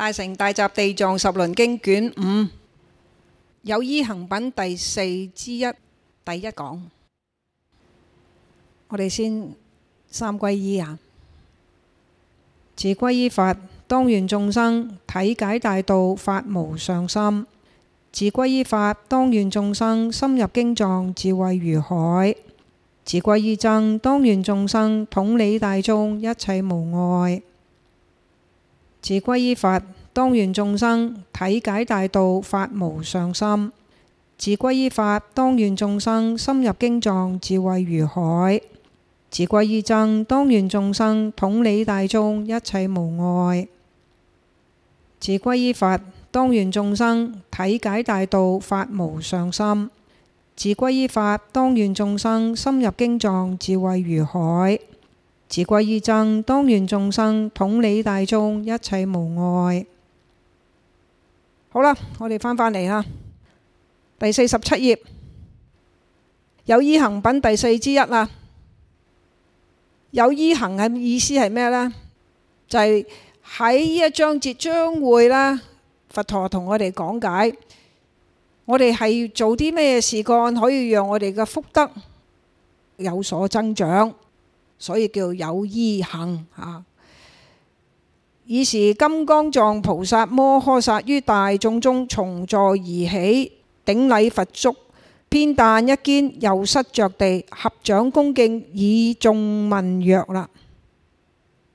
大乘大集地藏十輪經卷五，有依行品第四之一，第一講，我哋先三歸依啊！自歸依佛，當願眾生體解大道，發無上心；自歸依法，當願眾生深入經藏，智慧如海；自歸依僧，當願眾生統理大眾，一切無礙。自歸依佛，當願眾生，體解大道，發無上心；自歸依法，當願眾生，深入經藏，智慧如海；自歸依僧，當願眾生，統理大眾，一切無礙；自歸依佛，當願眾生，體解大道，發無上心；自歸依法，當願眾生，深入經藏，智慧如海。自歸依僧，當願眾生，統理大眾，一切無礙。好啦，我哋翻返嚟啦，第四十七頁有依行品第四之一啦。有依行嘅意思係咩呢？就係喺呢一章節將會啦，佛陀同我哋講解，我哋係要做啲咩事幹，可以讓我哋嘅福德有所增長。所以叫有依行啊。爾時金剛藏菩薩摩訶薩於大眾中從座而起，頂禮佛足，偏袒一肩，右膝著地，合掌恭敬，以頌問曰啦。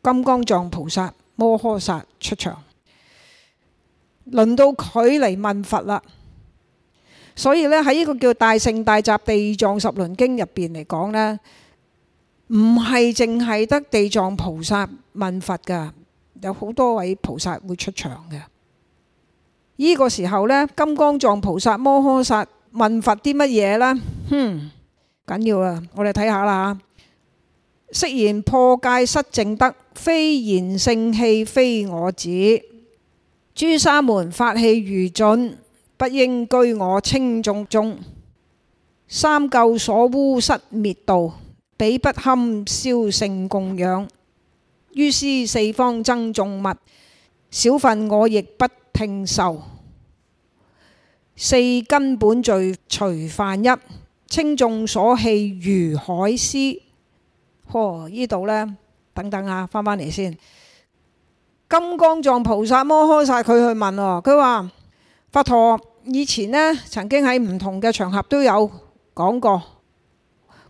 金剛藏菩薩摩訶薩出場，輪到佢嚟問佛啦。所以呢，喺呢個叫《大乘大集地藏十輪經面》入邊嚟講呢。唔係淨係得地藏菩薩問佛噶有好多位菩薩會出場嘅。呢、這個時候呢，金剛藏菩薩摩訶薩問佛啲乜嘢呢？哼、嗯，緊要啦，我哋睇下啦吓。昔言破戒失淨德，非賢聖器非我子，諸沙門法棄如燼，不應居我清眾中，三垢所污失滅道。彼不堪銷勝供養，於施四方僧眾物，少分我亦不聽受。四根本罪隨犯一，清眾所棄如海屍呵。呢、哦、度呢？等等啊，翻返嚟先。金剛藏菩薩摩訶薩佢去問哦，佢話佛陀以前呢，曾經喺唔同嘅場合都有講過。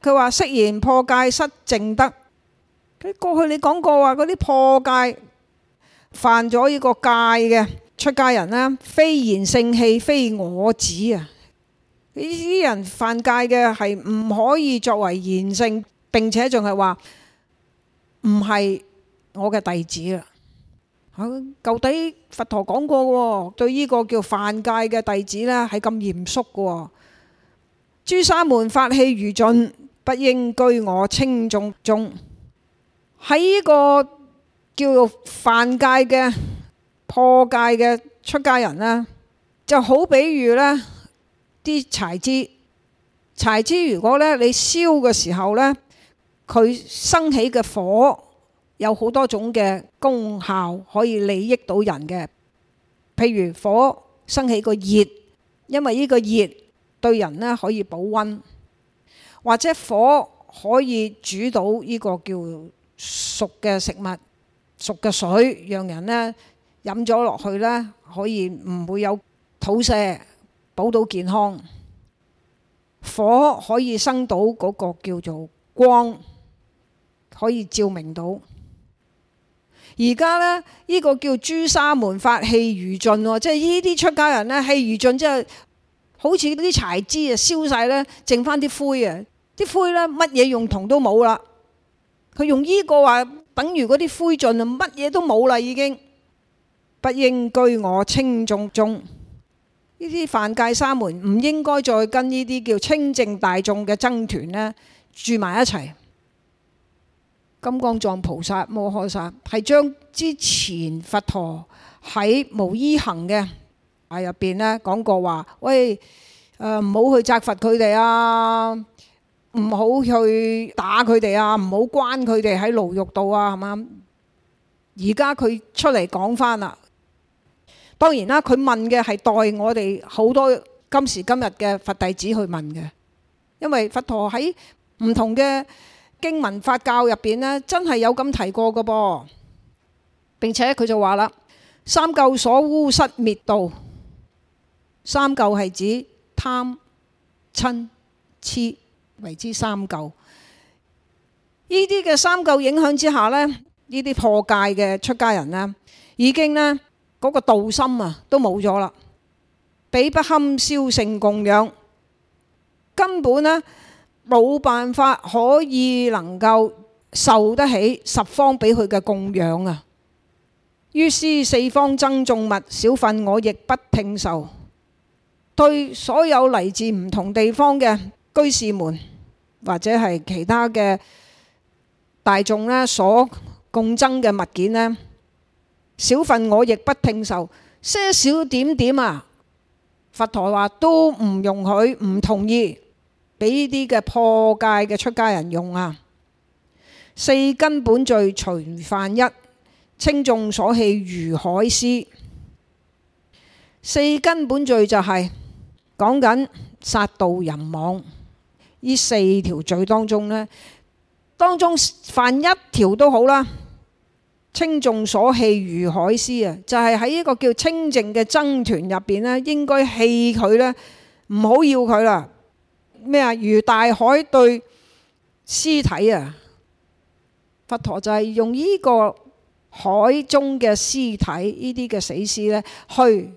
佢話：昔言破戒失淨德。佢過去你講過話，嗰啲破戒犯咗呢個戒嘅出家人咧，非賢聖器，非我子啊！呢啲人犯戒嘅係唔可以作為賢聖，並且仲係話唔係我嘅弟子啊，嚇！舊底佛陀講過喎，對呢個叫犯戒嘅弟子呢，係咁嚴肅嘅。諸沙門法棄如燼。不應居我清眾中，喺呢個叫做犯戒嘅破戒嘅出家人呢，就好比喻呢啲柴枝，柴枝如果呢，你燒嘅時候呢，佢生起嘅火有好多種嘅功效可以利益到人嘅，譬如火生起個熱，因為呢個熱對人呢可以保溫。或者火可以煮到呢個叫熟嘅食物、熟嘅水，讓人呢飲咗落去呢，可以唔會有吐瀉，補到健康。火可以生到嗰個叫做光，可以照明到。而家呢，呢、呢個叫《諸沙門法棄如燼》喎，即係呢啲出家人呢，棄如燼即係，好似啲柴枝啊燒晒呢，剩翻啲灰啊。啲灰咧，乜嘢用途都冇啦。佢用依個話，等於嗰啲灰燼啊，乜嘢都冇啦，已經不應居我清眾中。呢啲犯戒沙門唔應該再跟呢啲叫清淨大眾嘅僧團咧住埋一齊。金剛藏菩薩、摩訶薩係將之前佛陀喺無依行嘅啊入邊咧講過話，喂，誒唔好去責罰佢哋啊！唔好去打佢哋啊！唔好關佢哋喺牢獄度啊！係嘛？而家佢出嚟講返啦。當然啦，佢問嘅係代我哋好多今時今日嘅佛弟子去問嘅，因為佛陀喺唔同嘅經文法教入邊呢，真係有咁提過嘅噃。並且佢就話啦：三垢所污失滅道，三垢係指貪、瞋、痴。為之三垢，呢啲嘅三垢影響之下咧，呢啲破戒嘅出家人咧，已經咧嗰個道心啊都冇咗啦，彼不堪銷勝供養，根本咧冇辦法可以能夠受得起十方俾佢嘅供養啊！於施四方僧眾物少分，我亦不聽受。對所有嚟自唔同地方嘅。居士們或者係其他嘅大眾呢，所共爭嘅物件呢，少分我亦不聽受，些少點點啊！佛陀話都唔容許，唔同意俾呢啲嘅破戒嘅出家人用啊！四根本罪隨犯一，清眾所棄如海屍。四根本罪就係講緊殺盜淫妄。呢四條罪當中咧，當中犯一條都好啦。清眾所棄如海屍啊，就係喺一個叫清淨嘅僧團入邊咧，應該棄佢咧，唔好要佢啦。咩啊？如大海對屍體啊，佛陀就係用呢個海中嘅屍體，呢啲嘅死屍咧，去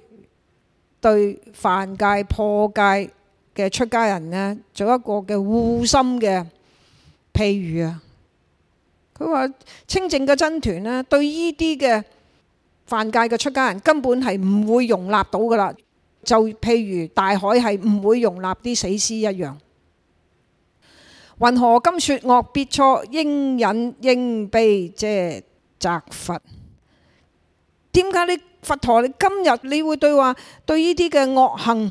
對犯戒破戒嘅出家人呢，做一個嘅護心嘅，譬如啊，佢話清靜嘅僧團呢，對呢啲嘅犯戒嘅出家人根本係唔會容納到噶啦，就譬如大海係唔會容納啲死屍一樣。云何今說惡苾芻應忍應，應悲，即係責罰。點解你佛陀你今日你會對話對呢啲嘅惡行？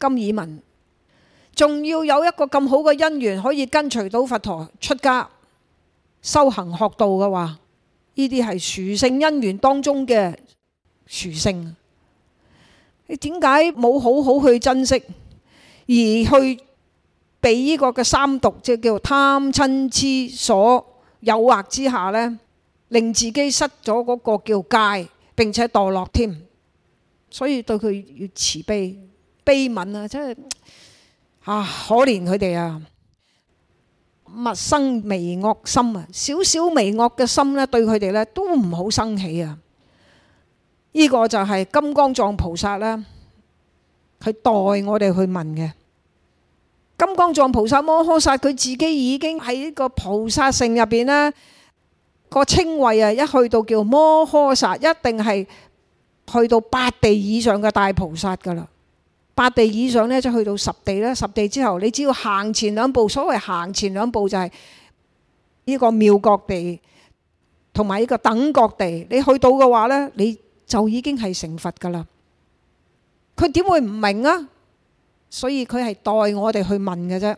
金耳文仲要有一個咁好嘅姻緣，可以跟隨到佛陀出家修行學道嘅話，呢啲係殊勝姻緣當中嘅殊勝。你點解冇好好去珍惜，而去被呢個嘅三毒，即係叫貪、嗔、癡之所誘惑之下咧，令自己失咗嗰個叫戒，並且墮落添。所以對佢要慈悲。悲憫啊，真係啊，可憐佢哋啊，勿生微惡心啊，少少微惡嘅心咧，對佢哋咧都唔好生起啊。依個就係金剛藏菩薩咧，佢代我哋去問嘅金剛藏菩薩摩訶薩，佢自己已經喺個菩薩城入邊咧個稱謂啊，一去到叫摩訶薩，一定係去到八地以上嘅大菩薩噶啦。八地以上呢就去到十地，十地之後，你只要行前兩步，所謂行前兩步就係，這個妙覺地，同埋呢個等覺地，你去到嘅話呢，你就已經係成佛㗎喇。佢點會唔明啊？所以佢係代我哋去問嘅啫。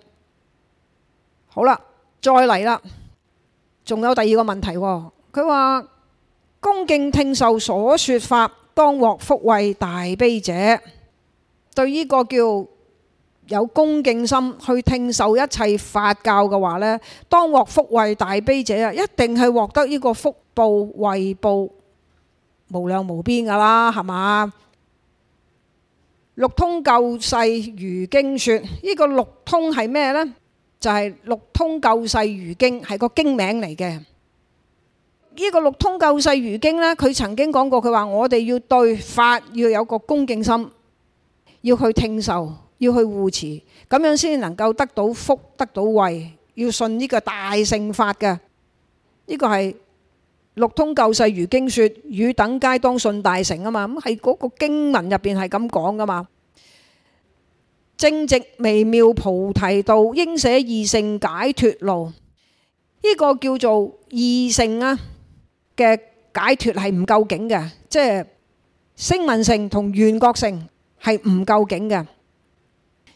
好啦，再嚟啦，仲有第二個問題，佢話，恭敬聽受所說法，當獲福慧大悲者，對呢個叫有恭敬心去聽受一切法教嘅話呢，當獲福慧大悲者啊，一定係獲得呢個福報、慧報無量無邊噶啦，係嘛？六通救世如經說，呢、這個六通係咩呢？就係、是、六通救世如經係個經名嚟嘅。呢、這個六通救世如經呢，佢曾經講過，佢話我哋要對法要有個恭敬心。要去聽受，要去護持，咁樣先能夠得到福，得到慧。要信呢個大乘法嘅，呢個係六通救世餘經說，汝等皆當信大乘啊嘛。咁係嗰個經文入邊係咁講噶嘛。正直微妙菩提道，應捨二乘解脫路。呢個叫做二乘啊嘅解脫係唔究竟嘅，即係聲聞乘同緣覺乘。係唔究竟嘅，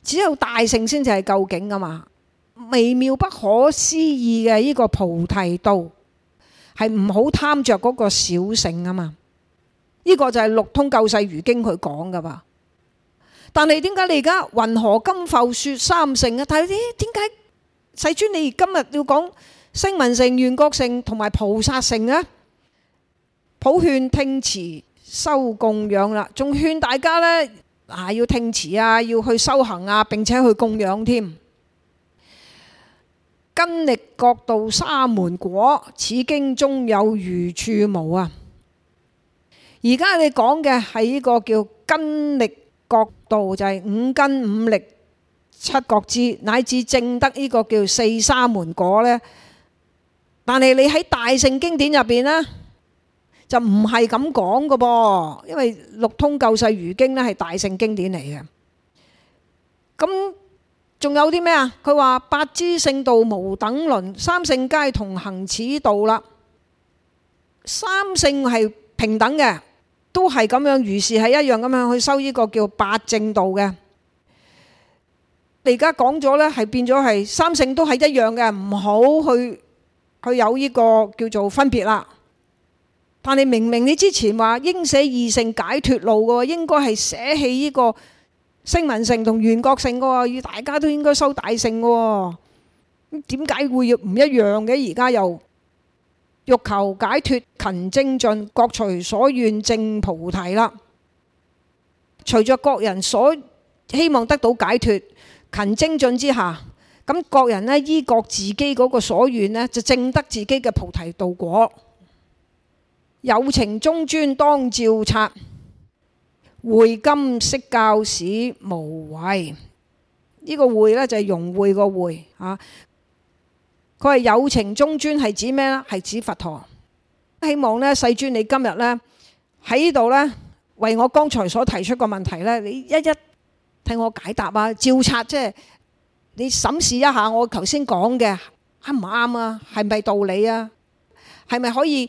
只有大乘先至係究竟啊嘛！微妙不可思議嘅呢個菩提道係唔好貪着嗰個小乘啊嘛！呢個就係《六通救世餘經》佢講嘅噃。但係點解你而家云何今復說三乘啊？但係啲點解世尊你今日要講聲聞乘、緣覺乘同埋菩薩乘啊？普勸聽持修供養啦，仲勸大家呢。啊！要聽詞啊，要去修行啊，並且去供養添、啊。根力覺道沙門果，此經中有餘處無啊！而家你講嘅係呢個叫根力覺道，就係、是、五根五力七覺支，乃至正得呢個叫四沙門果呢。但係你喺大聖經典入邊呢。就唔係咁講嘅噃，因為《六通救世餘經》呢係大乘經典嚟嘅。咁仲有啲咩啊？佢話八支聖道無等倫，三乘皆同行此道啦。三乘係平等嘅，都係咁樣如是係一樣咁樣去修呢個叫八正道嘅。你而家講咗呢，係變咗係三乘都係一樣嘅，唔好去去有呢個叫做分別啦。但你明明你之前話應捨二乘解脫路嘅，應該係捨棄呢個聲聞乘同緣覺乘嘅，與大家都應該修大乘嘅。點解會要唔一樣嘅？而家又欲求解脫，勤精進，各隨所願證菩提啦。隨著各人所希望得到解脫、勤精進之下，咁各人咧依各自己嗰個所願咧，就證得自己嘅菩提道果。有情中尊，當照察，會今昔教使無違。呢、呢個會呢，就係融會個會啊！佢係有情中尊係指咩咧？係指佛陀。希望呢世尊，你今日呢喺呢度呢，為我剛才所提出個問題呢，你一一聽我解答啊！照察即係你審視一下我頭先講嘅，啱唔啱啊？係咪道理啊？係咪可以？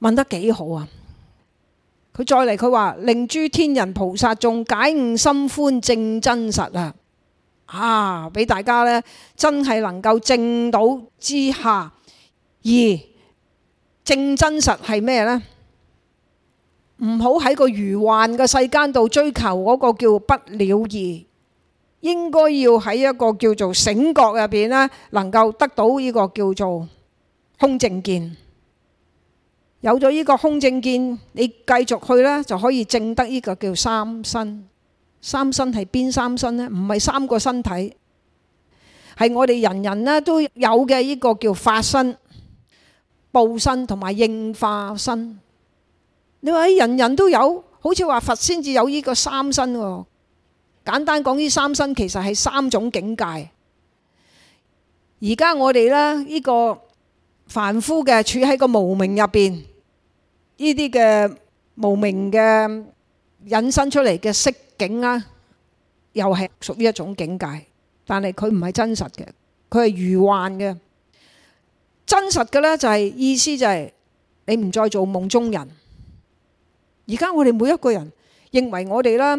問得幾好啊！佢再嚟佢話，令諸天人菩薩眾，解悟心歡證真實啊！啊，俾大家呢，真係能夠證到之下而證真實係咩呢？唔好喺個如幻嘅世間度追求嗰個叫不了義」，應該要喺一個叫做醒覺入邊呢，能夠得到呢個叫做空正見。有咗呢個空正見，你繼續去呢，就可以證得呢個叫三身。三身係邊三身呢？唔係三個身體，係我哋人人呢都有嘅呢個叫法身、報身同埋應化身。你話人人都有，好似話佛先至有呢個三身喎。簡單講，呢三身其實係三種境界。而家我哋呢，呢個凡夫嘅處喺個無明入邊。呢啲嘅無明嘅引申出嚟嘅色境啊，又係屬於一種境界，但係佢唔係真實嘅，佢係如幻嘅。真實嘅呢、就是，就係意思就係、是、你唔再做夢中人。而家我哋每一個人認為我哋啦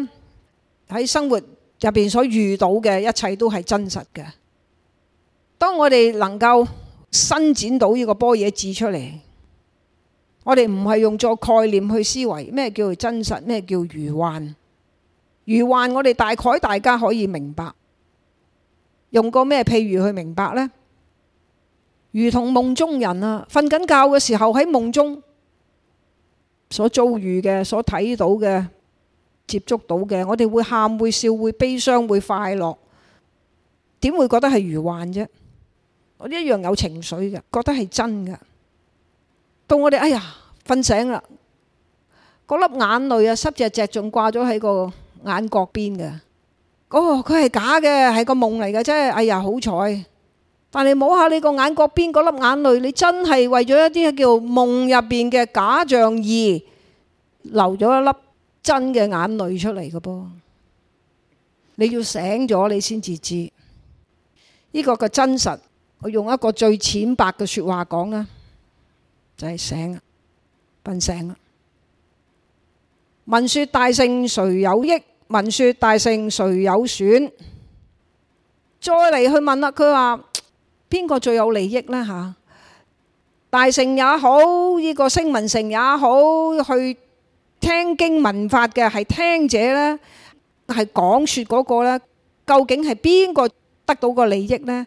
喺生活入邊所遇到嘅一切都係真實嘅。當我哋能夠伸展到呢個般若智出嚟。我哋唔係用作概念去思維，咩叫做真實，咩叫如幻？如幻，我哋大概大家可以明白。用個咩譬如去明白呢？如同夢中人啊，瞓緊覺嘅時候喺夢中所遭遇嘅、所睇到嘅、接觸到嘅，我哋會喊、會笑、會悲傷、會快樂，點會覺得係如幻啫？我一樣有情緒嘅，覺得係真㗎。到我哋哎呀～瞓醒啦，嗰粒眼淚啊，濕只只仲掛咗喺個眼角邊嘅。哦，佢係假嘅，係個夢嚟嘅啫。哎呀，好彩！但你摸下你個眼角邊嗰粒眼淚，你真係為咗一啲叫夢入邊嘅假象而流咗一粒真嘅眼淚出嚟嘅噃。你要醒咗，你先至知呢個嘅真實。我用一個最淺白嘅說話講吖，就係醒。貧剩啦，聞說大乘誰有益，聞說大乘誰有損，再嚟去問啦。佢話邊個最有利益呢？吓，大乘也好，呢、這個聲聞乘也好，去聽經聞法嘅係聽者呢？係講說嗰、那個呢？究竟係邊個得到個利益呢？」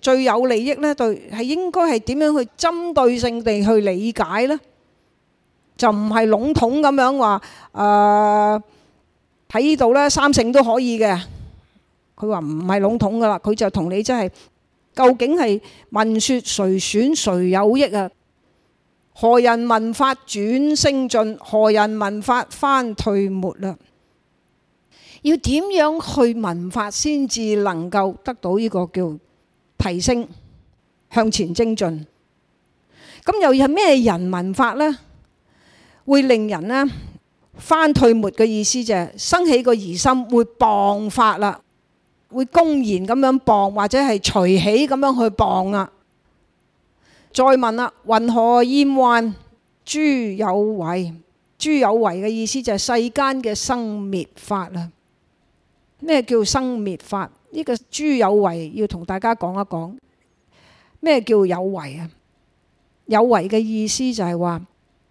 最有利益咧，對係應該係點樣去針對性地去理解咧？就唔係籠統咁樣話誒，喺依度咧三乘都可以嘅。佢話唔係籠統噶啦，佢就同你真係究竟係聞說誰損誰有益啊？何人聞法轉昇進？何人聞法翻退沒啊？要點樣去聞法先至能夠得到依個叫？.提升向前精進，咁又有咩人聞法呢？會令人呢翻退沒嘅意思就係、是、生起個疑心，會謗法啦，會公然咁樣謗或者係隨起咁樣去謗啊！再問啦，云何厭患，諸有為，諸有為嘅意思就係、是、世間嘅生滅法啦。咩叫生滅法？呢個諸有為要同大家講一講。咩叫有為啊？有為嘅意思就係話，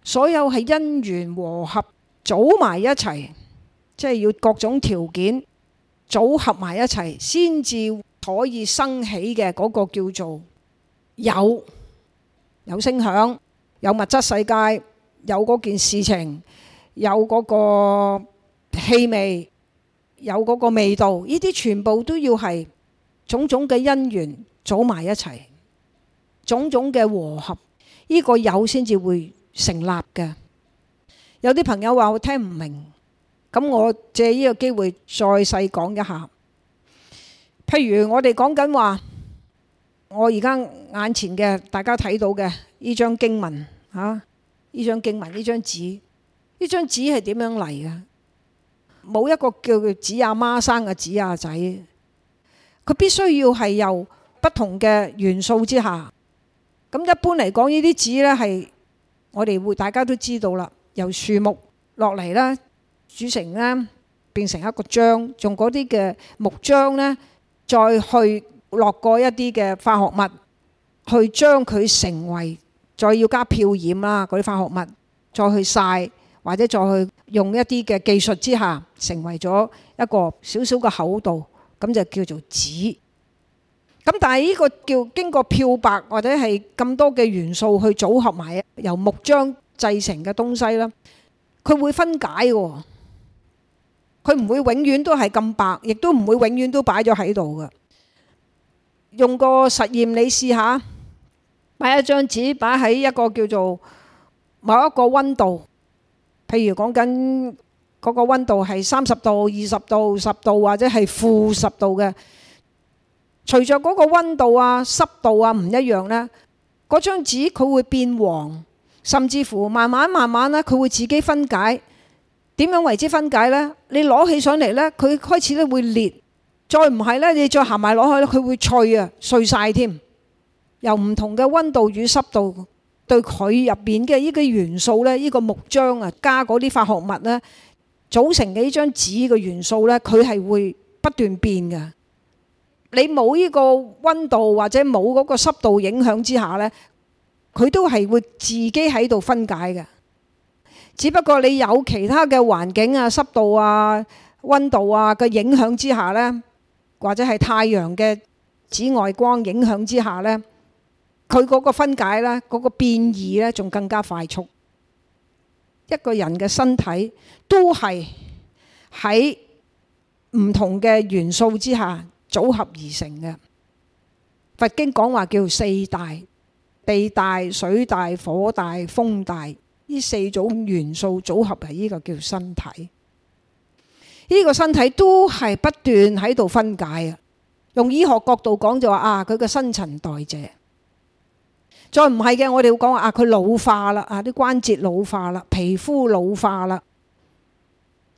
所有係因緣和合組埋一齊，即係要各種條件組合埋一齊，先至可以生起嘅嗰個叫做有。有聲響，有物質世界，有嗰件事情，有嗰個氣味。有嗰個味道，呢啲全部都要係種種嘅因緣組埋一齊，種種嘅和合，呢個有先至會成立嘅。有啲朋友話我聽唔明，咁我借呢個機會再細講一下。譬如我哋講緊話，我而家眼前嘅大家睇到嘅呢張經文嚇，呢張經文，呢張紙，呢張紙係點樣嚟嘅？冇一個叫做紙阿媽生嘅紙阿仔，佢必須要係由不同嘅元素之下，咁一般嚟講，呢啲紙呢係我哋會大家都知道啦，由樹木落嚟啦，煮成啦，變成一個漿，用嗰啲嘅木漿呢，再去落過一啲嘅化學物，去將佢成為，再要加漂染啦嗰啲化學物，再去晒，或者再去。用一啲嘅技術之下，成為咗一個少少嘅厚度，咁就叫做紙。咁但係呢個叫經過漂白或者係咁多嘅元素去組合埋，由木漿製成嘅東西啦，佢會分解嘅。佢唔會永遠都係咁白，亦都唔會永遠都擺咗喺度嘅。用個實驗你試下，擺一張紙擺喺一個叫做某一個温度。譬如講緊嗰個温度係三十度、二十度、十度或者係負十度嘅，隨着嗰個温度啊、濕度啊唔一樣呢，嗰張紙佢會變黃，甚至乎慢慢慢慢呢，佢會自己分解。點樣為之分解呢？你攞起上嚟呢，佢開始咧會裂；再唔係呢，你再行埋攞去咧，佢會脆啊，碎晒添。由唔同嘅温度與濕度。對佢入邊嘅呢個元素咧，呢個木漿啊，加嗰啲化學物咧，組成嘅呢張紙嘅元素咧，佢係會不斷變嘅。你冇呢個温度或者冇嗰個濕度影響之下咧，佢都係會自己喺度分解嘅。只不過你有其他嘅環境啊、濕度啊、温度啊嘅影響之下咧，或者係太陽嘅紫外光影響之下咧。佢嗰個分解咧，嗰個變異咧，仲更加快速。一個人嘅身體都係喺唔同嘅元素之下組合而成嘅。佛經講話叫四大：地大、水大、火大、風大，呢四種元素組合嚟，呢個叫身體。呢個身體都係不斷喺度分解啊！用醫學角度講就話啊，佢嘅新陳代謝。再唔係嘅，我哋會講話啊，佢老化啦，啊啲關節老化啦，皮膚老化啦。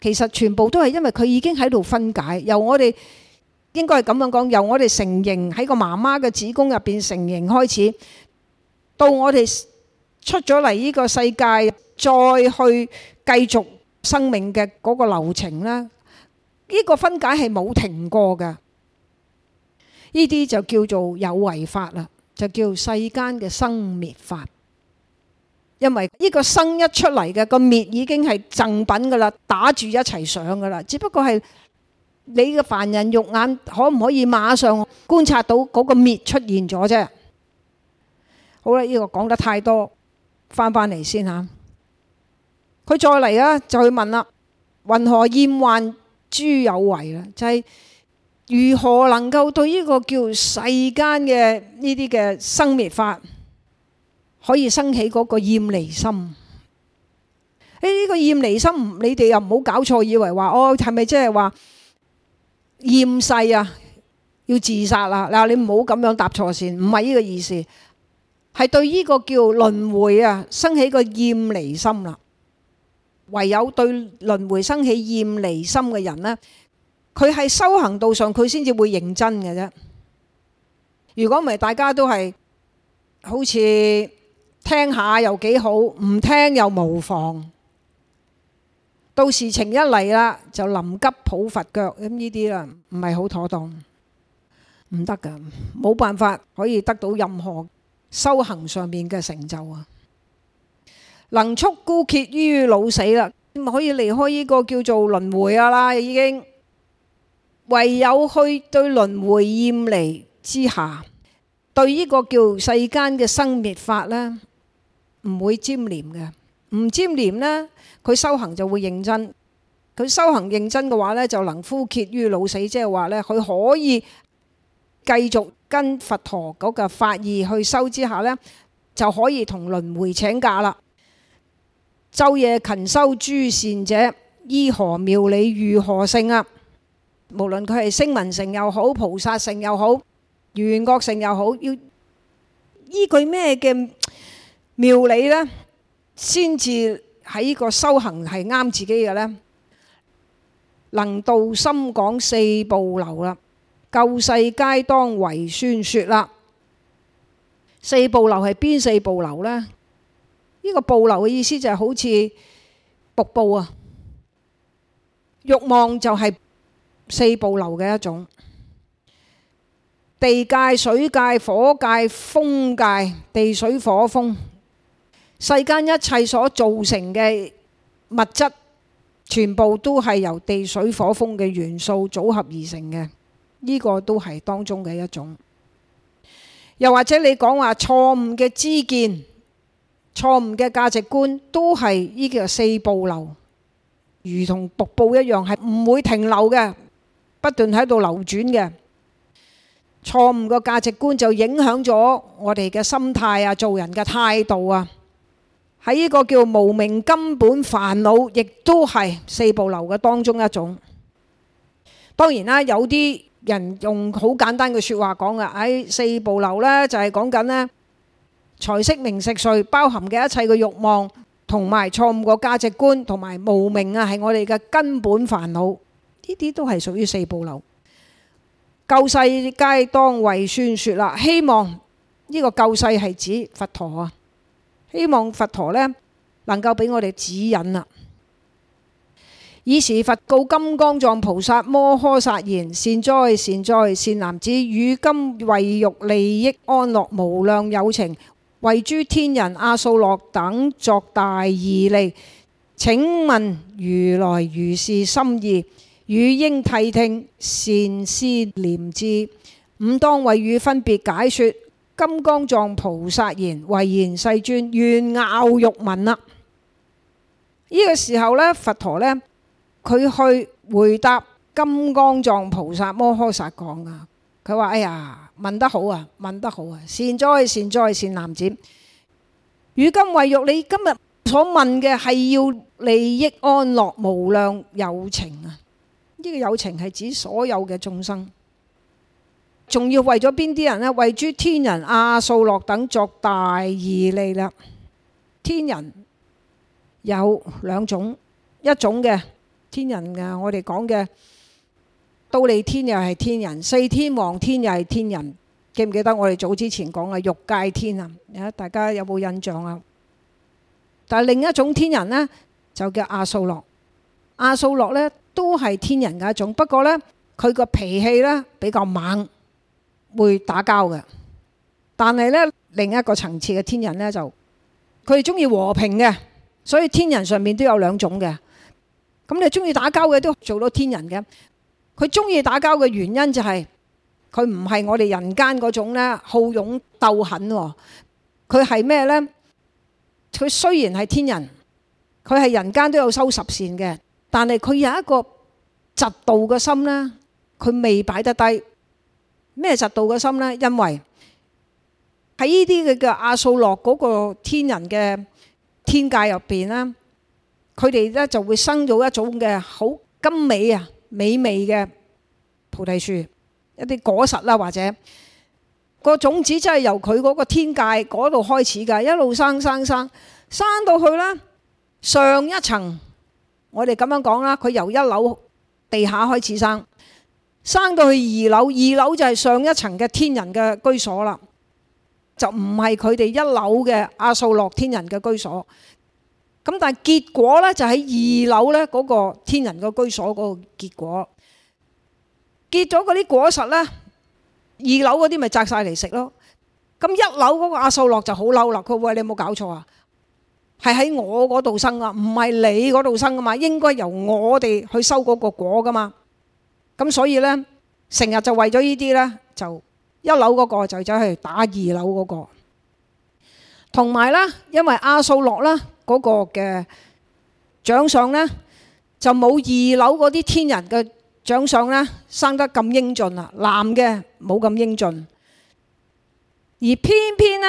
其實全部都係因為佢已經喺度分解。由我哋應該係咁樣講，由我哋成形喺個媽媽嘅子宮入邊成形開始，到我哋出咗嚟呢個世界，再去繼續生命嘅嗰個流程啦。呢個分解係冇停過㗎。呢啲就叫做有違法啦。就叫世間嘅生滅法，因為呢個生一出嚟，嘅個滅已經係贈品噶啦，打住一齊上噶啦，只不過係你嘅凡人肉眼可唔可以馬上觀察到嗰個滅出現咗啫？好啦，呢、這個講得太多，翻返嚟先吓。佢再嚟啊，就去問啦：云何厭患諸有為啦？就係。如何能夠對呢個叫世間嘅呢啲嘅生滅法，可以生起嗰個厭離心？誒，呢個厭離心你哋又唔好搞錯，以為話哦係咪即係話厭世啊，要自殺啦？嗱，你唔好咁樣搭錯線，唔係呢個意思，係對呢個叫輪迴啊，生起個厭離心啦。唯有對輪迴生起厭離心嘅人呢。佢喺修行道上，佢先至會認真嘅啫。如果唔係，大家都係好似聽下又幾好，唔聽又無妨。到事情一嚟啦，就臨急抱佛腳咁呢啲啦，唔係好妥當，唔得㗎，冇辦法可以得到任何修行上面嘅成就啊！能速枯竭於老死啦，咁可以離開呢個叫做輪迴啊啦，已經。唯有去對輪迴厭離之下，對呢個叫世間嘅生滅法呢，唔會沾黏嘅。唔沾黏呢，佢修行就會認真。佢修行認真嘅話呢，就能枯竭於老死，即係話呢，佢可以繼續跟佛陀嗰個法義去修之下呢，就可以同輪迴請假啦。晝夜勤修諸善者，依何妙理御何乘啊？無論佢係聲聞乘又好，菩薩乘又好，緣覺乘又好，要依據咩嘅妙理咧，先至喺呢個修行係啱自己嘅咧？能渡深廣四瀑流啦，救世皆當為宣説啦。四瀑流係邊四瀑流咧？呢個瀑流嘅意思就係好似瀑布啊，慾望就係。四瀑流嘅一種，地界、水界、火界、風界，地水火風，世間一切所造成嘅物質，全部都係由地水火風嘅元素組合而成嘅。呢、這個都係當中嘅一種。又或者你講話錯誤嘅知見、錯誤嘅價值觀，都係呢個四瀑流，如同瀑布一樣，係唔會停留嘅。不斷喺度流轉嘅錯誤個價值觀，就影響咗我哋嘅心態啊，做人嘅態度啊，喺呢個叫無明根本煩惱，亦都係四瀑流嘅當中一種。當然啦，有啲人用好簡單嘅說話講啊，喺、哎、四瀑流呢，就係講緊呢財色名食睡包含嘅一切嘅欲望同埋錯誤個價值觀同埋無明啊，係我哋嘅根本煩惱。呢啲都係屬於四瀑流。救世皆當為宣說啦，希望呢、這個救世係指佛陀啊！希望佛陀呢能夠俾我哋指引啦。爾時佛告金剛藏菩薩摩訶薩言：善哉善哉，善男子，汝今為欲利益安樂無量有情，為諸天人阿素洛等作大義利。請問如來如是深義。汝應諦聽，善思念之，吾當為汝分別解說。金剛藏菩薩言唯然世尊，願樂欲聞啦。呢、這個時候呢，佛陀呢，佢去回答金剛藏菩薩摩訶薩講啊。佢話：哎呀，問得好啊，問得好啊！善哉善哉善，善男子，汝今為欲，你今日所問嘅係要利益安樂無量有情啊！呢個有情係指所有嘅眾生，仲要為咗邊啲人呢？為諸天人阿素洛等作大義利啦。天人有兩種，一種嘅天人嘅，我哋講嘅忉利天又係天人，四天王天又係天人。記唔記得我哋早之前講嘅欲界天啊？大家有冇印象啊？但係另一種天人呢，就叫阿素洛。阿素洛呢。都係天人嘅一種，不過呢，佢個脾氣呢比較猛，會打交嘅。但係呢，另一個層次嘅天人呢，就佢中意和平嘅，所以天人上面都有兩種嘅。咁你中意打交嘅都做到天人嘅。佢中意打交嘅原因就係佢唔係我哋人間嗰種呢好勇鬥狠喎。佢係咩呢？佢雖然係天人，佢係人間都有收十善嘅。但係佢有一個嫉妒嘅心呢，佢未擺得低咩嫉妒嘅心呢？因為喺呢啲嘅叫阿素洛嗰個天人嘅天界入邊呢，佢哋呢就會生到一種嘅好甘美啊美味嘅菩提樹，一啲果實啦或者，嗰個種子真係由佢嗰個天界嗰度開始㗎，一路生生生生到去啦，上一層。我哋咁樣講啦，佢由一樓地下開始生，生到去二樓，二樓就係上一層嘅天人嘅居所啦，就唔係佢哋一樓嘅阿素洛天人嘅居所。咁但係結果呢，就喺二樓呢嗰個天人嘅居所嗰個結果結咗嗰啲果實呢，二樓嗰啲咪摘晒嚟食咯。咁一樓嗰個阿素洛就好嬲啦，佢話：喂，你有冇搞錯啊？係喺我嗰度生啊，唔係你嗰度生噶嘛，應該由我哋去收嗰個果噶嘛。咁所以咧，成日就為咗呢啲咧，就一樓嗰個就走去打二樓嗰個。同埋咧，因為阿素洛咧嗰個嘅長相咧，就冇二樓嗰啲天人嘅長相咧，生得咁英俊啊，男嘅冇咁英俊，而偏偏咧。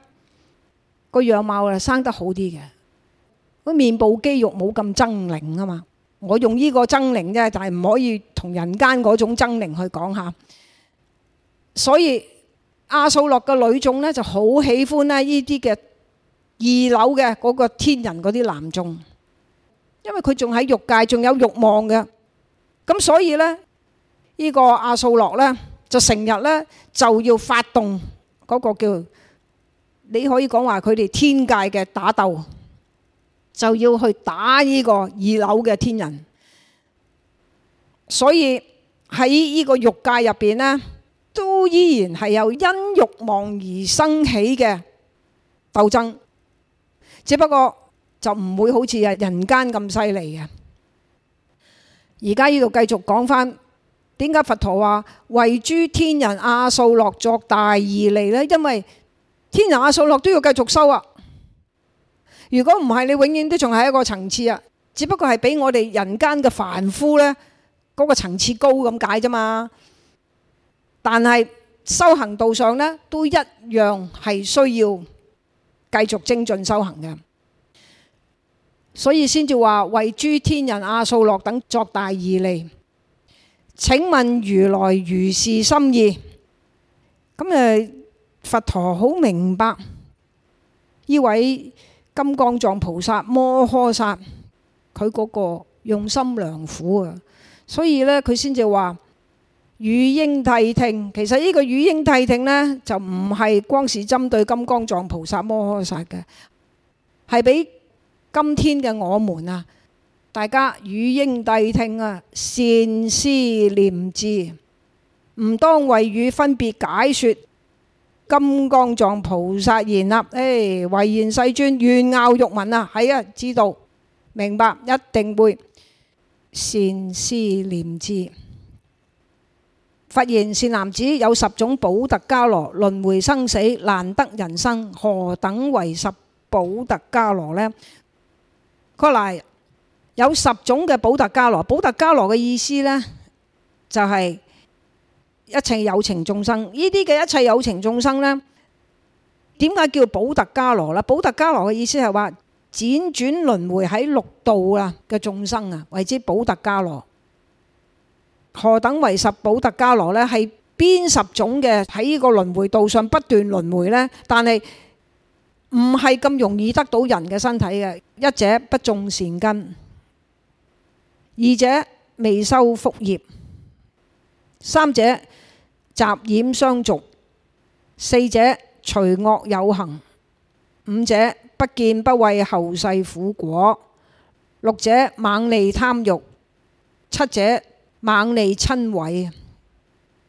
個樣貌啊，生得好啲嘅，個面部肌肉冇咁猙獰啊嘛。我用呢個猙獰啫，但係唔可以同人間嗰種猙獰去講嚇。所以阿素洛嘅女眾咧就好喜歡咧呢啲嘅二樓嘅嗰個天人嗰啲男眾，因為佢仲喺欲界，仲有慾望嘅。咁所以咧，呢個阿素洛咧就成日咧就要發動嗰個叫。你可以講話佢哋天界嘅打鬥，就要去打呢個二樓嘅天人，所以喺呢個欲界入邊呢，都依然係有因慾望而生起嘅鬥爭，只不過就唔會好似人間咁犀利嘅。而家呢度繼續講返點解佛陀話為諸天人阿素洛作大義利呢？因為天人阿素洛都要繼續修啊！如果唔係，你永遠都仲係一個層次啊，只不過係比我哋人間嘅凡夫呢嗰、嗰個層次高咁解啫嘛。但係修行道上呢，都一樣係需要繼續精進修行嘅，所以先至話為諸天人阿素洛等作大義利。請問如來如是心意？咁、嗯、誒。呃佛陀好明白呢位金剛藏菩薩摩訶薩佢嗰個用心良苦啊，所以咧佢先至話汝應諦聽，其實呢個汝應諦聽咧就唔係光是針對金剛藏菩薩摩訶薩嘅，係俾今天嘅我們啊，大家汝應諦聽啊，善思念之，吾當為汝分別解說。金剛藏菩薩言啦，誒，唯然世尊，願樂欲聞啊，係啊，知道明白，一定會善思念之。佛言，善男子，有十種補特伽羅，輪迴生死，難得人身，何等為十補特伽羅咧？佢話嚟有十種嘅補特伽羅，補特伽羅嘅意思咧就係。一切有情眾生，呢啲嘅一切有情眾生咧，點解叫補特伽羅啦？補特伽羅嘅意思係話，輾轉輪迴喺六道啊嘅眾生啊，為之補特伽羅。何等為十補特伽羅咧？係邊十種嘅喺呢個輪迴道上不斷輪迴咧？但係唔係咁容易得到人嘅身體嘅？一者不種善根，二者未修福業，三者。雜染相續，四者隨惡友行；五者不見不畏後世苦果；六者猛利貪欲；七者猛利瞋恚；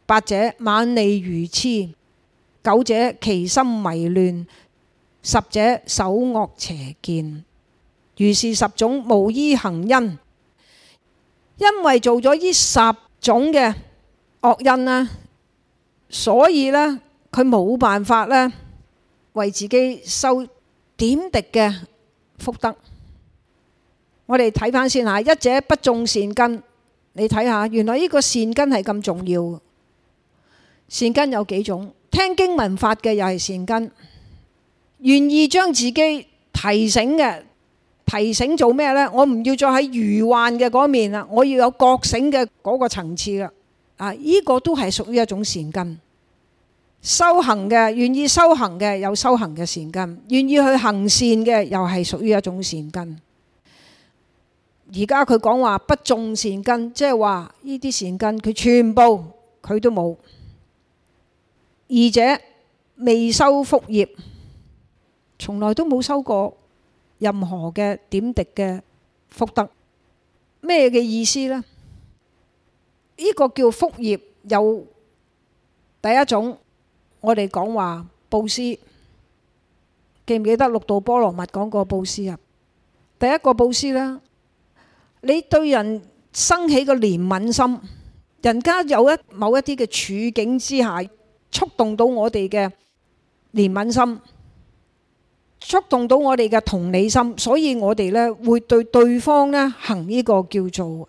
八者猛利愚癡；九者其心迷亂；十者守惡邪見。如是十種無依行因，因為做咗呢十種嘅惡因啦。所以呢，佢冇辦法呢，為自己收點滴嘅福德。我哋睇返先吓，一者不種善根，你睇下，原來呢個善根係咁重要。善根有幾種？聽經文法嘅又係善根，願意將自己提醒嘅，提醒做咩呢？我唔要再喺愚幻嘅嗰面啦，我要有覺醒嘅嗰個層次啦。啊！依、這個都係屬於一種善根，修行嘅，願意修行嘅有修行嘅善根，願意去行善嘅又係屬於一種善根。而家佢講話不種善根，即係話呢啲善根佢全部佢都冇，二者未修福業，從來都冇修過任何嘅點滴嘅福德，咩嘅意思呢？呢個叫福業有第一種，我哋講話布施，記唔記得六度波羅蜜講過布施啊？第一個布施呢，你對人生起個憐憫心，人家有一某一啲嘅處境之下，觸動到我哋嘅憐憫心，觸動到我哋嘅同理心，所以我哋呢，會對對方呢，行呢個叫做。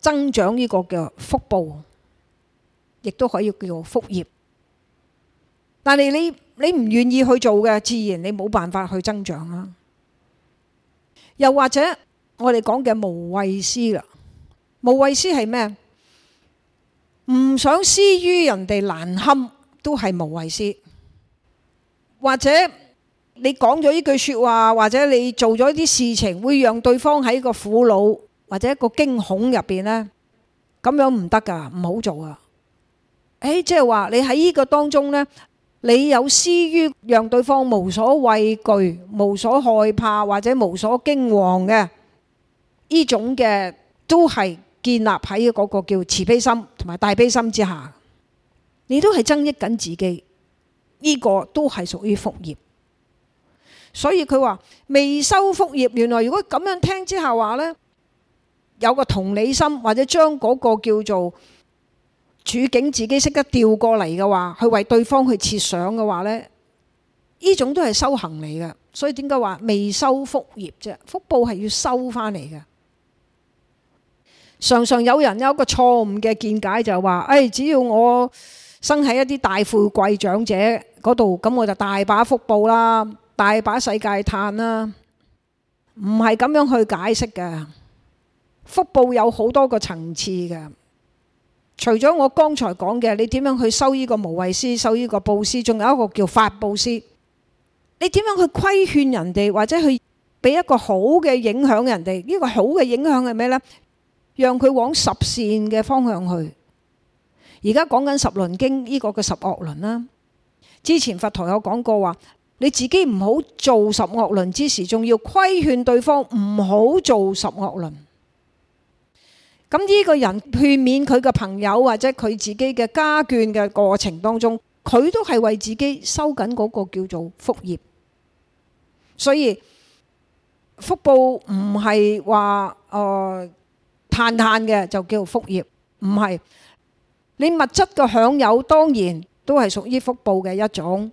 增長呢個嘅福報，亦都可以叫做福業。但係你你唔願意去做嘅，自然你冇辦法去增長啦。又或者我哋講嘅無畏施啦，無畏施係咩？唔想施於人哋難堪，都係無畏施。或者你講咗呢句説話，或者你做咗啲事情，會讓對方喺個苦惱。或者一個驚恐入邊呢，咁樣唔得噶，唔好做啊！誒，即係話你喺呢個當中呢，你有施於讓對方無所畏懼、無所害怕或者無所驚惶嘅呢種嘅，都係建立喺嗰個叫慈悲心同埋大悲心之下。你都係增益緊自己，呢個都係屬於福業。所以佢話未修福業，原來如果咁樣聽之下話呢。有個同理心，或者將嗰個叫做處境，自己識得調過嚟嘅話，去為對方去設想嘅話呢，呢種都係修行嚟嘅。所以點解話未收福業啫？福報係要收翻嚟嘅。常常有人有一個錯誤嘅見解就，就係話，誒，只要我生喺一啲大富貴長者嗰度，咁我就大把福報啦，大把世界嘆啦，唔係咁樣去解釋嘅。福報有好多個層次嘅，除咗我剛才講嘅，你點樣去收呢個無畏施、收呢個布施？仲有一個叫法布施。你點樣去規勸人哋，或者去俾一個好嘅影響人哋？呢、這個好嘅影響係咩呢？讓佢往十善嘅方向去。而家講緊十輪經呢、這個嘅十惡輪啦。之前佛陀有講過話，你自己唔好做十惡輪之時，仲要規勸對方唔好做十惡輪。咁呢個人勸勉佢嘅朋友或者佢自己嘅家眷嘅過程當中，佢都係為自己收緊嗰個叫做福業。所以福報唔係話誒嘆嘆嘅就叫福業，唔係。你物質嘅享有當然都係屬於福報嘅一種，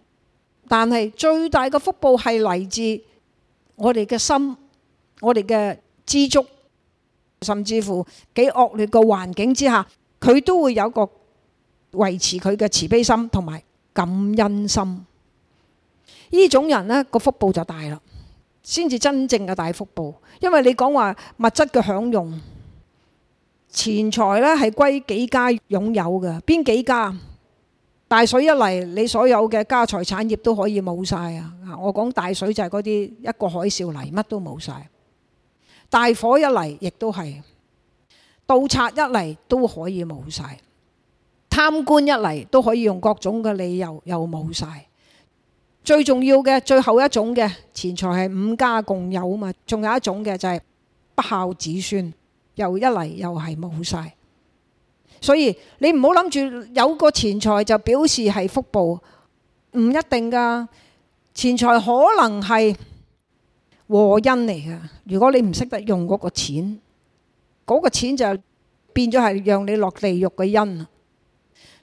但係最大嘅福報係嚟自我哋嘅心，我哋嘅知足。甚至乎幾惡劣嘅環境之下，佢都會有個維持佢嘅慈悲心同埋感恩心。呢種人呢個福報就大啦，先至真正嘅大福報。因為你講話物質嘅享用，錢財呢係歸幾家擁有嘅，邊幾家？大水一嚟，你所有嘅家財產業都可以冇晒啊！我講大水就係嗰啲一個海嘯嚟，乜都冇晒。大火一嚟，亦都係盜賊一嚟都可以冇晒；貪官一嚟都可以用各種嘅理由又冇晒。最重要嘅最後一種嘅錢財係五家共有啊嘛，仲有一種嘅就係不孝子孫，又一嚟又係冇晒。所以你唔好諗住有個錢財就表示係福報，唔一定㗎。錢財可能係，禍因嚟㗎，如果你唔識得用嗰個錢，嗰、那個錢就變咗係讓你落地獄嘅因啦。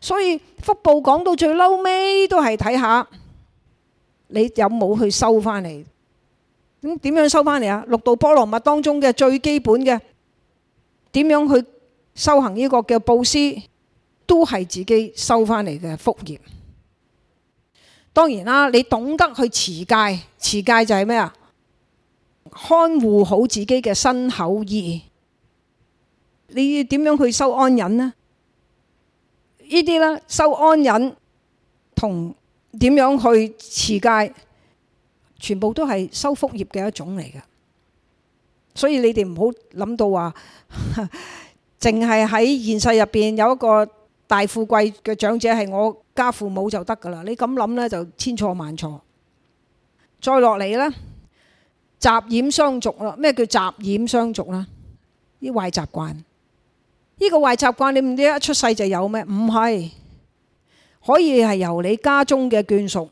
所以福報講到最嬲尾，都係睇下你有冇去收翻嚟。咁、嗯、點樣收翻嚟啊？六度波羅蜜當中嘅最基本嘅，點樣去修行呢個嘅布施，都係自己收翻嚟嘅福業。當然啦，你懂得去持戒，持戒就係咩啊？看護好自己嘅身口意，你要點樣去收安忍呢？呢啲咧收安忍同點樣去持戒，全部都係修福業嘅一種嚟嘅。所以你哋唔好諗到話，淨係喺現世入邊有一個大富貴嘅長者係我家父母就得噶啦。你咁諗呢，就千錯萬錯。再落嚟呢。雜染相續咯，咩叫雜染相續啦？啲壞習慣，呢個壞習慣你唔知一出世就有咩？唔係，可以係由你家中嘅眷屬，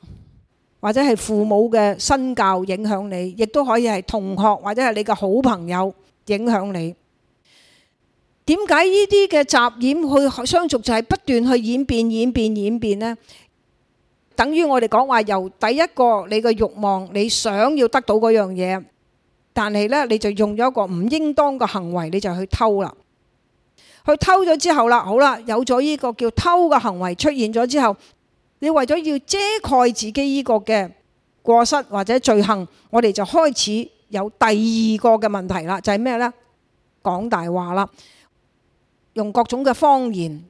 或者係父母嘅身教影響你，亦都可以係同學或者係你嘅好朋友影響你。點解呢啲嘅雜染去相續就係不斷去演變、演變、演變呢？等於我哋講話，由第一個你嘅欲望，你想要得到嗰樣嘢，但係呢，你就用咗一個唔應當嘅行為，你就去偷啦。去偷咗之後啦，好啦，有咗呢個叫偷嘅行為出現咗之後，你為咗要遮蓋自己呢個嘅過失或者罪行，我哋就開始有第二個嘅問題啦，就係咩呢？講大話啦，用各種嘅謊言。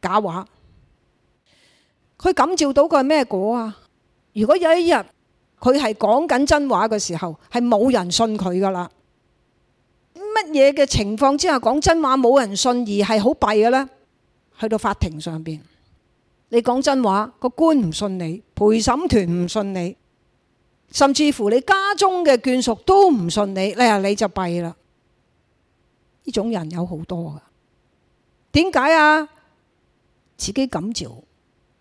假話，佢感召到個係咩果啊？如果有一日佢係講緊真話嘅時候，係冇人信佢噶啦。乜嘢嘅情況之下講真話冇人信而係好弊嘅呢？去到法庭上邊，你講真話，個官唔信你，陪審團唔信你，甚至乎你家中嘅眷屬都唔信你，嗱你就弊啦。呢種人有好多噶，點解啊？自己感召，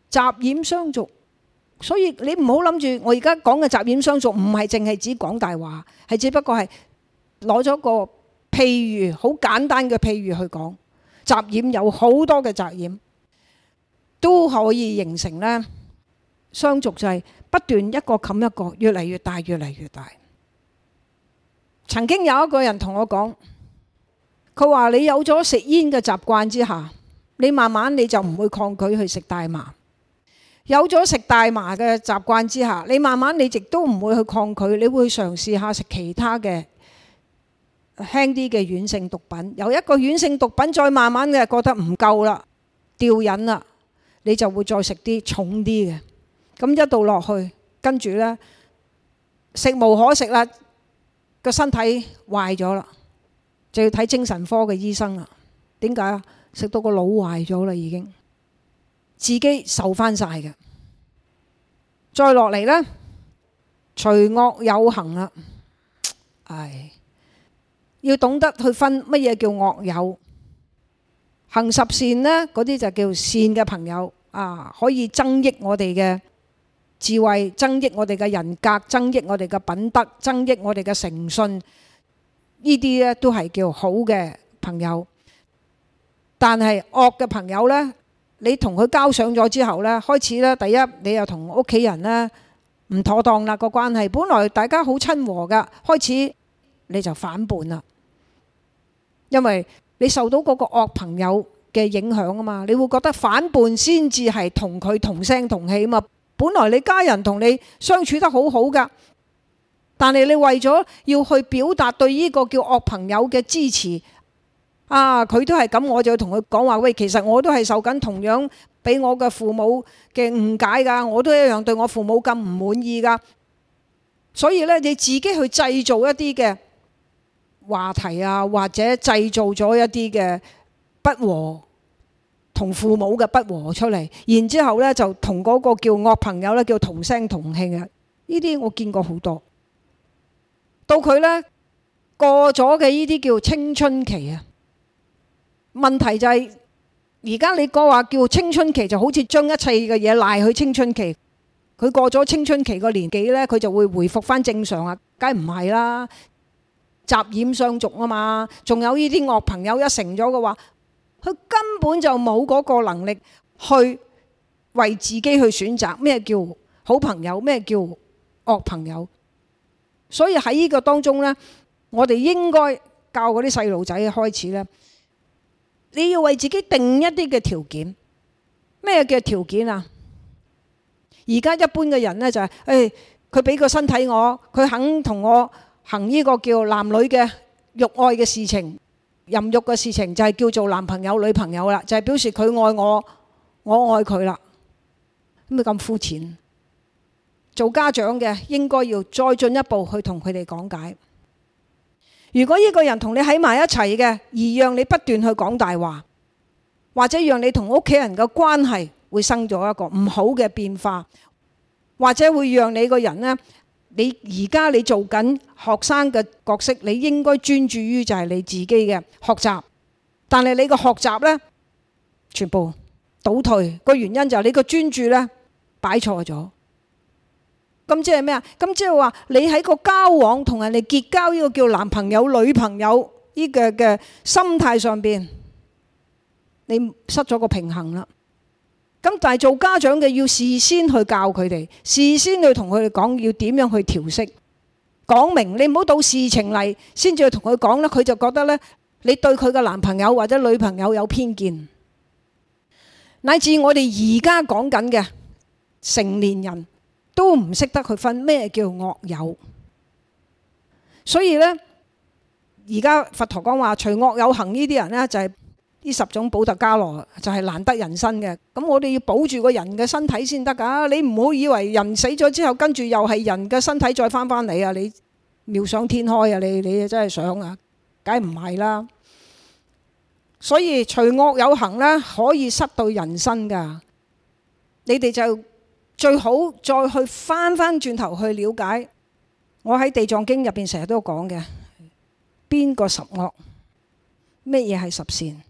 雜染相續，所以你唔好諗住我而家講嘅雜染相續，唔係淨係指講大話，係只不過係攞咗個譬喻，好簡單嘅譬喻去講。雜染有好多嘅雜染，都可以形成呢，相續，就係不斷一個冚一個，越嚟越大，越嚟越大。曾經有一個人同我講，佢話你有咗食煙嘅習慣之下。你慢慢你就唔會抗拒去食大麻，有咗食大麻嘅習慣之下，你慢慢你亦都唔會去抗拒，你會嘗試下食其他嘅輕啲嘅軟性毒品。由一個軟性毒品，再慢慢嘅覺得唔夠啦，吊癮啦，你就會再食啲重啲嘅。咁一路落去，跟住呢，食無可食啦，個身體壞咗啦，就要睇精神科嘅醫生啦。點解？食到個腦壞咗啦，已經自己受翻晒嘅。再落嚟呢，除惡有行啦。唉，要懂得去分乜嘢叫惡友，行十善呢，嗰啲就叫善嘅朋友啊！可以增益我哋嘅智慧，增益我哋嘅人格，增益我哋嘅品德，增益我哋嘅誠信。呢啲咧都係叫好嘅朋友。但係惡嘅朋友呢，你同佢交上咗之後呢，開始呢第一你又同屋企人呢唔妥當啦個關係。本來大家好親和噶，開始你就反叛啦，因為你受到嗰個惡朋友嘅影響啊嘛，你會覺得反叛先至係同佢同聲同氣啊嘛。本來你家人同你相處得好好噶，但係你為咗要去表達對呢個叫惡朋友嘅支持。啊！佢都係咁，我就同佢講話喂，其實我都係受緊同樣俾我嘅父母嘅誤解㗎，我都一樣對我父母咁唔滿意㗎。所以呢，你自己去製造一啲嘅話題啊，或者製造咗一啲嘅不和同父母嘅不和出嚟，然之後呢，就同嗰個叫惡朋友呢，叫同聲同氣啊！呢啲我見過好多。到佢呢過咗嘅呢啲叫青春期啊！問題就係而家你講話叫青春期，就好似將一切嘅嘢賴去青春期。佢過咗青春期個年紀呢，佢就會回復翻正常啊，梗係唔係啦？雜染相續啊嘛，仲有呢啲惡朋友一成咗嘅話，佢根本就冇嗰個能力去為自己去選擇咩叫好朋友，咩叫惡朋友。所以喺呢個當中呢，我哋應該教嗰啲細路仔開始呢。你要為自己定一啲嘅條件，咩嘅條件啊？而家一般嘅人呢、就係，就、哎、係，誒，佢俾個身體我，佢肯同我行呢個叫男女嘅慾愛嘅事情，淫慾嘅事情就係叫做男朋友女朋友啦，就係、係、表示佢愛我，我愛佢啦。咁咪咁膚淺，做家長嘅應該要再進一步去同佢哋講解。如果呢個人同你喺埋一齊嘅，而讓你不斷去講大話，或者讓你同屋企人嘅關係會生咗一個唔好嘅變化，或者會讓你個人呢，你而家你做緊學生嘅角色，你應該專注於就係你自己嘅學習，但係你個學習呢，全部倒退，個原因就係你個專注呢，擺錯咗。咁即係咩啊？咁即係話你喺個交往同人哋結交呢個叫男朋友、女朋友呢個嘅心態上邊，你失咗個平衡啦。咁但係做家長嘅要事先去教佢哋，事先去同佢哋講要點樣去調息，講明你唔好到事情嚟，先至去同佢講呢，佢就覺得呢，你對佢嘅男朋友或者女朋友有偏見，乃至我哋而家講緊嘅成年人。都唔識得去分咩叫惡友。所以呢，而家佛陀講話，除惡有行呢啲人呢，就係呢十種補特伽羅，就係難得人身嘅。咁我哋要保住個人嘅身體先得㗎。你唔好以為人死咗之後，跟住又係人嘅身體再翻返嚟啊！你妙想天開啊！你你真係想啊，梗係唔係啦？所以除惡有行呢，可以失到人身㗎。你哋就。最好再去翻翻轉頭去了解，我喺《地藏經》入邊成日都講嘅，邊個十惡，乜嘢係十善。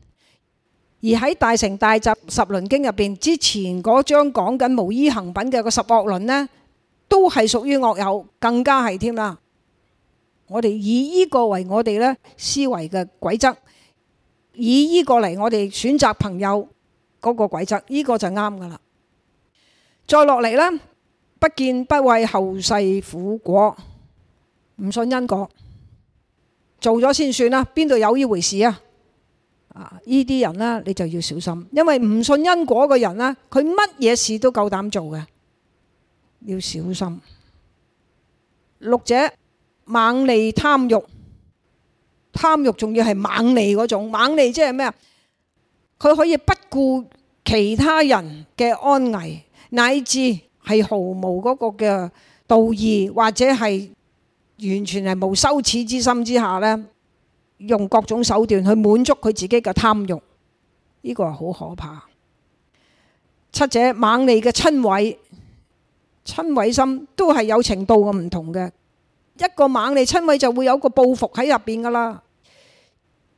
而喺《大乘大集十輪經》入邊，之前嗰張講緊無依行品嘅個十惡輪呢，都係屬於惡友，更加係添啦。我哋以呢個為我哋呢思維嘅規則，以呢個嚟我哋選擇朋友嗰個規則，呢個就啱噶啦。再落嚟啦，不見不畏後世苦果，唔信因果，做咗先算啦。邊度有呢回事啊？啊，呢啲人呢，你就要小心，因為唔信因果嘅人呢，佢乜嘢事都夠膽做嘅，要小心。六者猛利貪欲，貪欲仲要係猛利嗰種，猛利即係咩啊？佢可以不顧其他人嘅安危。乃至係毫無嗰個嘅道義，或者係完全係無羞恥之心之下呢，用各種手段去滿足佢自己嘅貪欲。呢、呢個係好可怕。七者猛利嘅瞋恚，瞋恚心都係有程度嘅唔同嘅，一個猛利瞋恚就會有個報復喺入邊噶啦，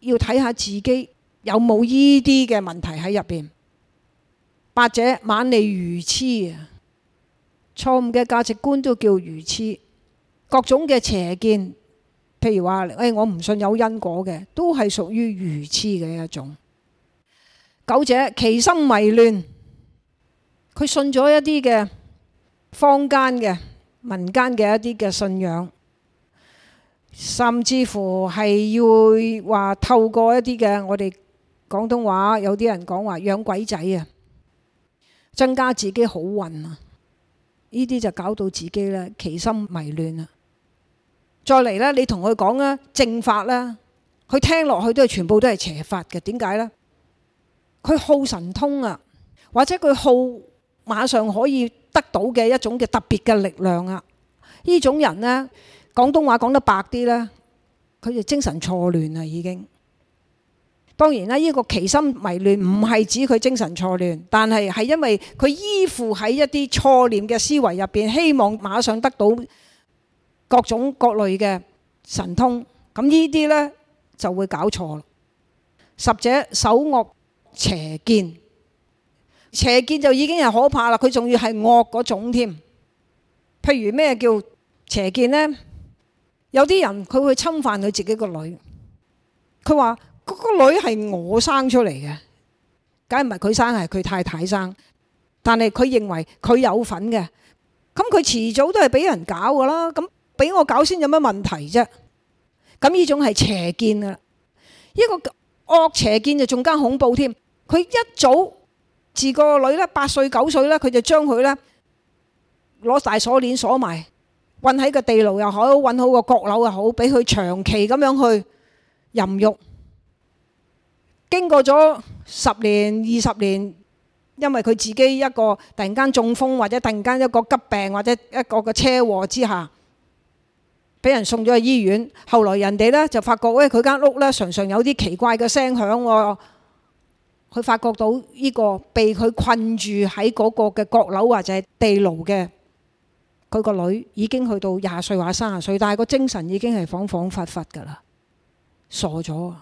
要睇下自己有冇呢啲嘅問題喺入邊。八者，猛利愚痴啊！錯誤嘅價值觀都叫愚痴，各種嘅邪見，譬如話：誒、哎，我唔信有因果嘅，都係屬於愚痴嘅一種。九者，其心迷亂，佢信咗一啲嘅坊間嘅民間嘅一啲嘅信仰，甚至乎係要話透過一啲嘅我哋廣東話，有啲人講話養鬼仔啊！增加自己好運啊！呢啲就搞到自己咧，其心迷亂啊！再嚟咧，你同佢講啊，正法啦，佢聽落去都係全部都係邪法嘅。點解呢？佢好神通啊，或者佢好馬上可以得到嘅一種嘅特別嘅力量啊！呢種人呢，廣東話講得白啲呢，佢就精神錯亂啊，已經。當然啦，呢、這個其心迷亂唔係指佢精神錯亂，但係係因為佢依附喺一啲錯念嘅思維入邊，希望馬上得到各種各類嘅神通。咁呢啲呢，就會搞錯啦。十者守惡邪見，邪見就已經係可怕啦。佢仲要係惡嗰種添。譬如咩叫邪見呢？有啲人佢會侵犯佢自己個女，佢話。個女係我生出嚟嘅，梗係唔係佢生，係佢太太生，但係佢認為佢有份嘅，咁佢遲早都係俾人搞㗎啦。咁俾我搞先有咩問題啫？咁呢種係邪見㗎啦，一個惡邪見就仲加恐怖添。佢一早自個女咧八歲九歲咧，佢就將佢咧攞大鎖鏈鎖埋，韞喺個地牢又好，韞喺個閣樓又好，俾佢長期咁樣去淫欲。經過咗十年、二十年，因為佢自己一個突然間中風，或者突然間一個急病，或者一個個車禍之下，俾人送咗去醫院。後來人哋呢就發覺，喂，佢間屋呢常常有啲奇怪嘅聲響。佢發覺到呢個被佢困住喺嗰個嘅閣樓或者地牢嘅佢個女已經去到廿歲或者三十歲，但係個精神已經係恍恍惚惚㗎啦，傻咗。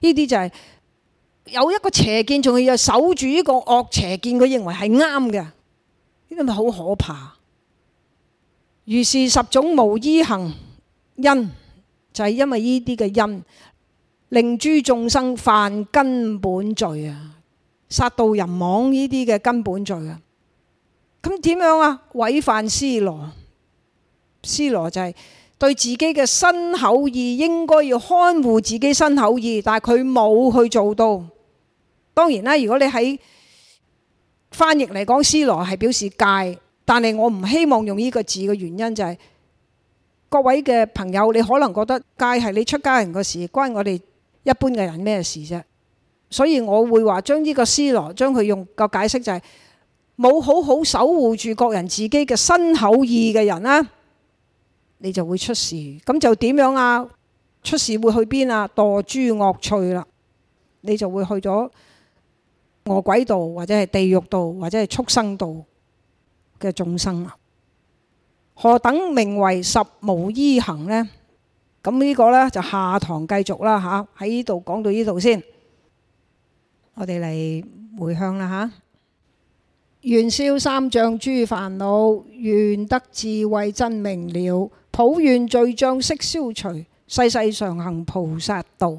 呢啲就係有一個邪見，仲要守住呢個惡邪見，佢認為係啱嘅。呢啲咪好可怕。如是十種無依行因，就係、是、因為呢啲嘅因，令諸眾生犯根本罪啊，殺盜婬妄呢啲嘅根本罪啊。咁點樣啊？毀犯尸羅，尸羅就係、是。對自己嘅身口意應該要看護自己身口意，但係佢冇去做到。當然啦，如果你喺翻譯嚟講，尸羅係表示戒，但係我唔希望用呢個字嘅原因就係、是、各位嘅朋友，你可能覺得戒係你出家人嘅事，關我哋一般嘅人咩事啫。所以我會話將呢個尸羅，將佢用個解釋就係、是、冇好好守護住各人自己嘅身口意嘅人啦。你就會出事，咁就點樣啊？出事會去邊啊？墮諸惡趣啦，你就會去咗餓鬼道或者係地獄道或者係畜生道嘅眾生啊。何等名為十無依行呢？咁呢個呢，就下堂繼續啦吓，喺呢度講到呢度先。我哋嚟回向啦吓，願消三障諸煩惱，願得智慧真明了。普願罪障悉消除，世世常行菩薩道。